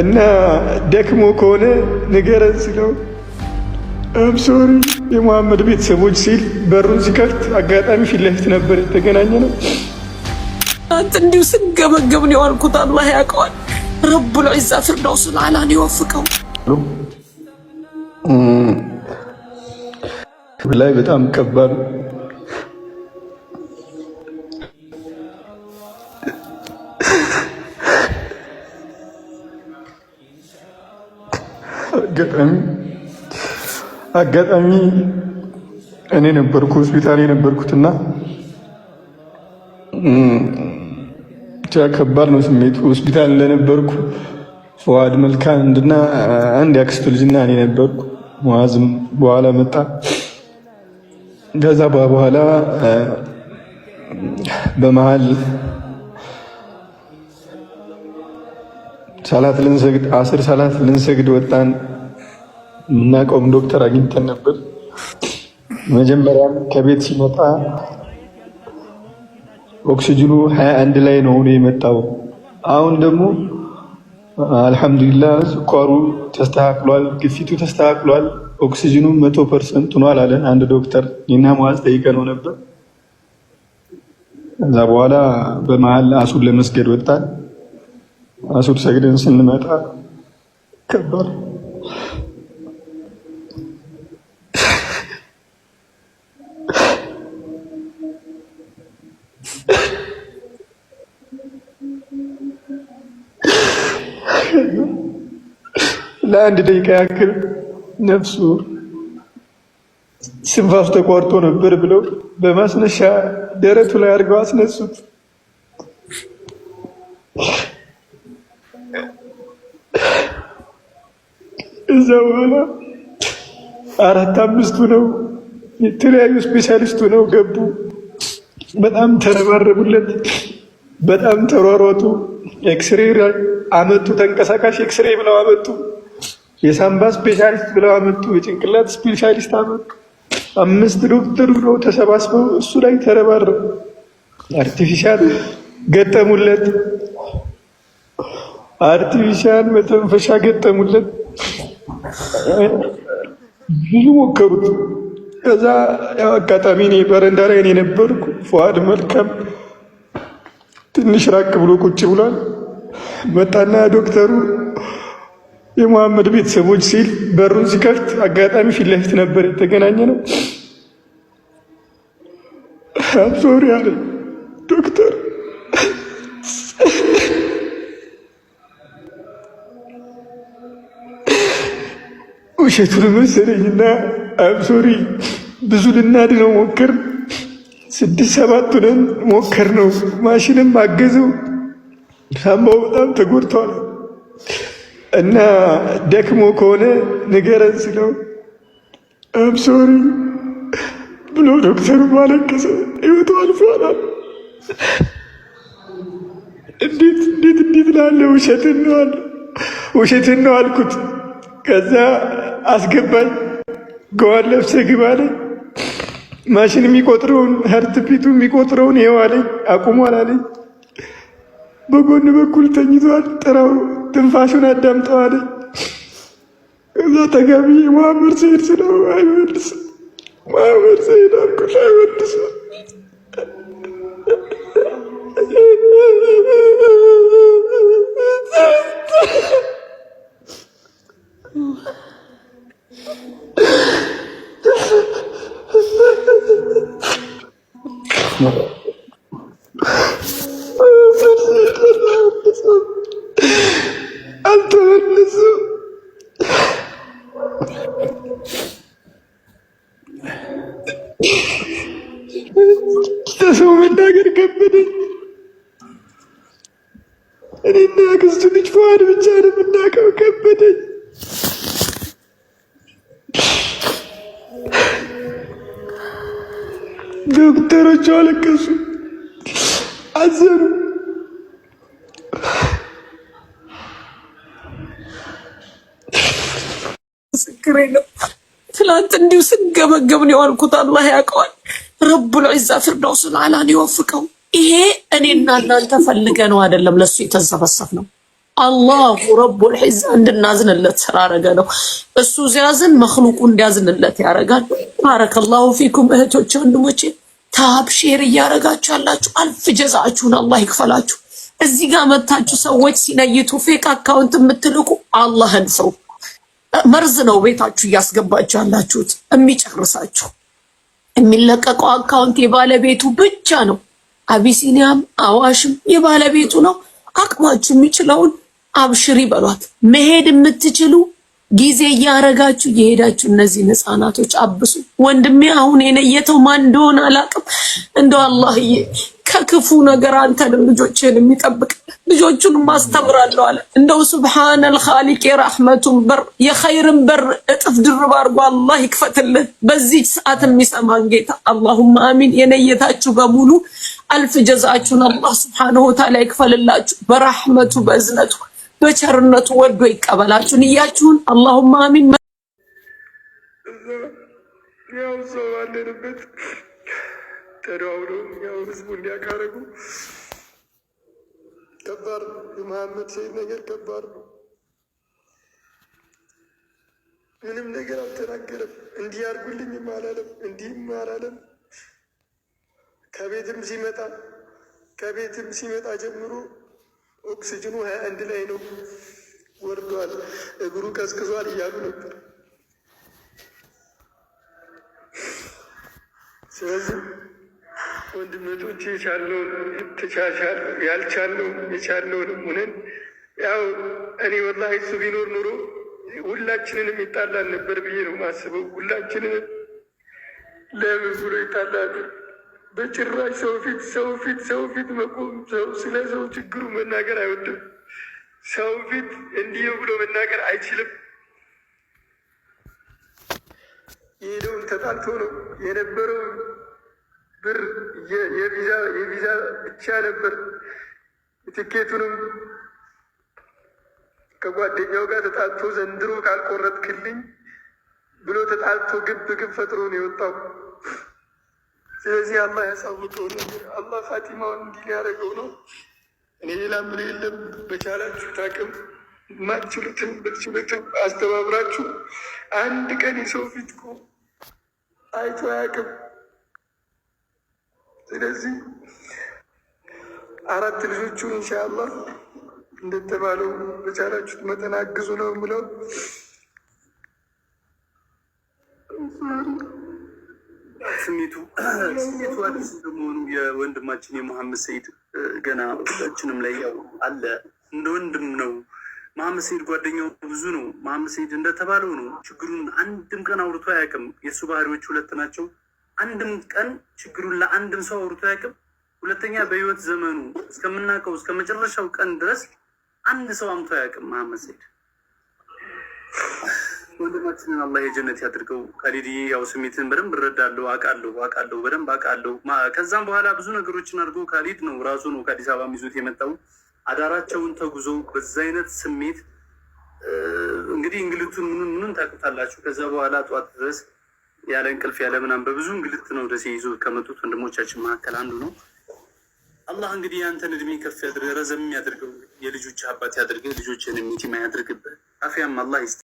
እና ደክሞ ከሆነ ንገረን ስለው ሶሪ የመሐመድ ቤተሰቦች ሲል በሩን ሲከፍት አጋጣሚ ፊት ለፊት ነበር የተገናኘ ነው። አንተ እንዲሁ ስንገመገብ ነው ያልኩት። አላህ ያውቀዋል። ረቡል ፍርዳው ፊርደውሱል አዕላን ይወፍቀው። ላይ በጣም ከባድ አጋጣሚ አጋጣሚ እኔ ነበርኩ ሆስፒታል የነበርኩትና ከባድ ነው ስሜቱ። ሆስፒታል ለነበርኩ ፈዋድ መልካን እንድና አንድ ያክስቱ ልጅና እኔ ነበርኩ። ሙአዝም በኋላ መጣ። ከዛ በኋላ በመሀል ሰላት ልንሰግድ አስር ሰላት ልንሰግድ ወጣን። እናቀውም ዶክተር አግኝተን ነበር። መጀመሪያም ከቤት ሲመጣ ኦክሲጅኑ ሀያ አንድ ላይ ነው ሆኖ የመጣው። አሁን ደግሞ አልሐምዱሊላ ስኳሩ ተስተካክሏል፣ ግፊቱ ተስተካክሏል፣ ኦክሲጅኑ መቶ ፐርሰንት ሆኗል አለ አንድ ዶክተር። እኔና መዋዝ ነው ነበር። ከዛ በኋላ በመሀል አሱን ለመስገድ ወጣል። አሱር ሰግደን ስንመጣ ከባድ ለአንድ ደቂቃ ያክል ነፍሱ ስንፋስ ተቋርጦ ነበር ብለው በማስነሻ ደረቱ ላይ አድርገው አስነሱት። እዛ በኋላ አራት አምስቱ ነው የተለያዩ ስፔሻሊስቱ ነው ገቡ። በጣም ተረባረቡለት፣ በጣም ተሯሯጡ። ኤክስሬ አመጡ፣ ተንቀሳቃሽ ኤክስሬ ብለው አመጡ፣ የሳምባ ስፔሻሊስት ብለው አመጡ፣ የጭንቅላት ስፔሻሊስት አመጡ። አምስት ዶክተር ብለው ተሰባስበው እሱ ላይ ተረባረቡ። አርቲፊሻል ገጠሙለት፣ አርቲፊሻል መተንፈሻ ገጠሙለት። ብዙ ሞከሩት። ከዛ አጋጣሚ እኔ በረንዳ ላይ እኔ ነበርኩ። ፏድ መልካም ትንሽ ራቅ ብሎ ቁጭ ብሏል። መጣና ዶክተሩ የመሐመድ ቤተሰቦች ሲል በሩን ሲከፍት አጋጣሚ ፊት ለፊት ነበር የተገናኘ ነው። አብሶሪ አለ ዶክተር ውሸቱን መሰለኝና አብሶሪ ብዙ ልናድነው ሞከር ስድስት ሰባት ነን ሞከር ነው። ማሽንም አገዘው ሳምባው በጣም ተጎድቷል እና ደክሞ ከሆነ ንገረን ስለው አብሶሪ ብሎ ዶክተሩ ማለቀሰ። ህይወቱ አልፏላል። እንዴት እንዴት እንዴት ላለ ውሸት ውሸትን ነው አልኩት ከዛ አስገባኝ። ገዋን ለብሰ ግባ አለኝ። ማሽን የሚቆጥረውን ፒቱ የሚቆጥረውን ይኸው አለኝ። አቁሟል አለኝ። በጎን በኩል ተኝቷል። ጥራው ትንፋሹን አዳምጠው አለኝ። እዛ ተጋቢ መሐመድ ሰሄድ ስለው አይመልስም። መሐመድ ሰሄድ አልኩት አይመልስም። አልተመለስም። ለሰው መናገር ከበደኝ። እኔና ያክስቱ ልጅ ፈዋድ ብቻ ነው የምናውቀው። ከበደኝ ዶክተሮቹ አለቀሱ፣ አዘኑ። ምስክሬ ነው። ትላንት እንዲሁ ስንገመገም የዋልኩት አላህ ያውቀዋል። ረቡል ዒዛ ፊርደውስ አላን ይወፍቀው። ይሄ እኔና እናንተ ፈልገ ነው አይደለም፣ ለሱ የተዘበሰፍ ነው አላሁ ረቡል ዒዛ እንድናዝንለት ስላረገ ነው። እሱ ሲያዝን መክሉቁ እንዲያዝንለት ያደርጋል። ባረከላሁ ፊኩም እህቶች፣ ወንድሞቼ ታብ ሼር እያደረጋችሁ ያላችሁ አልፍ ጀዛችሁን አላህ ይክፈላችሁ። እዚህ ጋር መታችሁ ሰዎች ሲነይቱ ፌክ አካውንት የምትልቁ አላህን ሰው መርዝ ነው ቤታችሁ እያስገባችሁ ያላችሁት የሚጨርሳችሁ። የሚለቀቀው አካውንት የባለቤቱ ብቻ ነው። አቢሲኒያም አዋሽም የባለቤቱ ነው። አቅማችሁ የሚችለውን አብሽሪ በሏት። መሄድ የምትችሉ ጊዜ እያረጋችሁ የሄዳችሁ እነዚህን ህፃናቶች አብሱ። ወንድሜ አሁን የነየተው ማን እንደሆነ አላቅም። እንደው አላህዬ ከክፉ ነገር አንተንም ልጆችህን የሚጠብቅ ልጆቹን ማስተምራለሁ አለ። እንደው ሱብሃነል ኻሊቅ የራህመቱን በር የኸይርን በር እጥፍ ድርብ አድርጎ አላህ ይክፈትልህ። በዚህ ሰዓት የሚሰማን ጌታ አላሁማ አሚን። የነየታችሁ በሙሉ አልፍ ጀዛችሁን አላህ ሱብሃነሁ ወተዓላ ይክፈልላችሁ በራህመቱ በእዝነቱ በቸርነቱ ወዶ ይቀበላችሁን እያችሁን አላሁማ አሚን። ያው ሰው ባለንበት ተደዋውሎ ያው ህዝቡ እንዲያካረጉ ከባድ ነው። የመሐመድ ሰይድ ነገር ከባድ ነው። ምንም ነገር አልተናገረም። እንዲህ አድርጉልኝም አላለም፣ እንዲህም አላለም። ከቤትም ሲመጣ ከቤትም ሲመጣ ጀምሮ ኦክሲጅኑ ሀያ አንድ ላይ ነው ወርዷል፣ እግሩ ቀዝቅዟል እያሉ ነበር። ስለዚህ ወንድመቶች የቻለውን ተቻቻል፣ ያልቻለውን የቻለውንም ሁነን ያው እኔ ወላ እሱ ቢኖር ኑሮ ሁላችንንም ይጣላል ነበር ብዬ ነው ማስበው። ሁላችንንም ለምን ብሎ ይጣላል። በጭራሽ ሰው ፊት ሰው ፊት ሰው ፊት መቆም ሰው ስለ ሰው ችግሩ መናገር አይወድም። ሰው ፊት እንዲህ ብሎ መናገር አይችልም። የሄደውም ተጣልቶ ነው የነበረው ብር የቪዛ ብቻ ነበር። ትኬቱንም ከጓደኛው ጋር ተጣልቶ ዘንድሮ ካልቆረጥክልኝ ብሎ ተጣልቶ ግብ ግብ ፈጥሮ ነው የወጣው። ስለዚህ አላህ ያሳወቀው ነገር አላህ ፋቲማውን እንዲህ ያደረገው ነው። እኔ ሌላ ምን የለም። በቻላችሁት አቅም ማችሉትን ብትችሉትም አስተባብራችሁ አንድ ቀን የሰው ፊት እኮ አይቶ አያውቅም። ስለዚህ አራት ልጆቹን ኢንሻአላህ እንደተባለው በቻላችሁት መጠን አግዙ ነው የምለው። የሴት ዋዲስ እንደመሆኑ የወንድማችን የመሐመድ ሰይድ ገና ሁላችንም ላይ ያው አለ እንደ ወንድም ነው። መሐመድ ሰይድ ጓደኛው ብዙ ነው። መሐመድ ሰይድ እንደተባለው ነው። ችግሩን አንድም ቀን አውርቶ አያውቅም። የእሱ ባህሪዎች ሁለት ናቸው። አንድም ቀን ችግሩን ለአንድም ሰው አውርቶ አያውቅም። ሁለተኛ በህይወት ዘመኑ እስከምናውቀው እስከ መጨረሻው ቀን ድረስ አንድ ሰው አምቶ አያውቅም መሐመድ ሰይድ ወንድማችንን አላህ የጀነት ያድርገው። ካሊድዬ ያው ስሜትን በደንብ እረዳለሁ፣ አውቃለሁ አውቃለሁ በደንብ አውቃለሁ። ከዛም በኋላ ብዙ ነገሮችን አድርጎ ካሊድ ነው ራሱ ነው ከአዲስ አበባ ይዞት የመጣው አዳራቸውን ተጉዞ በዛ አይነት ስሜት እንግዲህ እንግልቱን ምኑን ምኑን ታቅታላችሁ። ከዛ በኋላ ጠዋት ድረስ ያለ እንቅልፍ ያለ ምናምን በብዙ እንግልት ነው ደሴ ይዞ ከመጡት ወንድሞቻችን መካከል አንዱ ነው። አላህ እንግዲህ ያንተን እድሜ ከፍ ያድርገህ፣ ረዘም ያድርገው፣ የልጆች አባት ያድርገህ፣ ልጆችን የሚቲማ ያድርግብህ፣ አፍያም አላህ ይስጥ።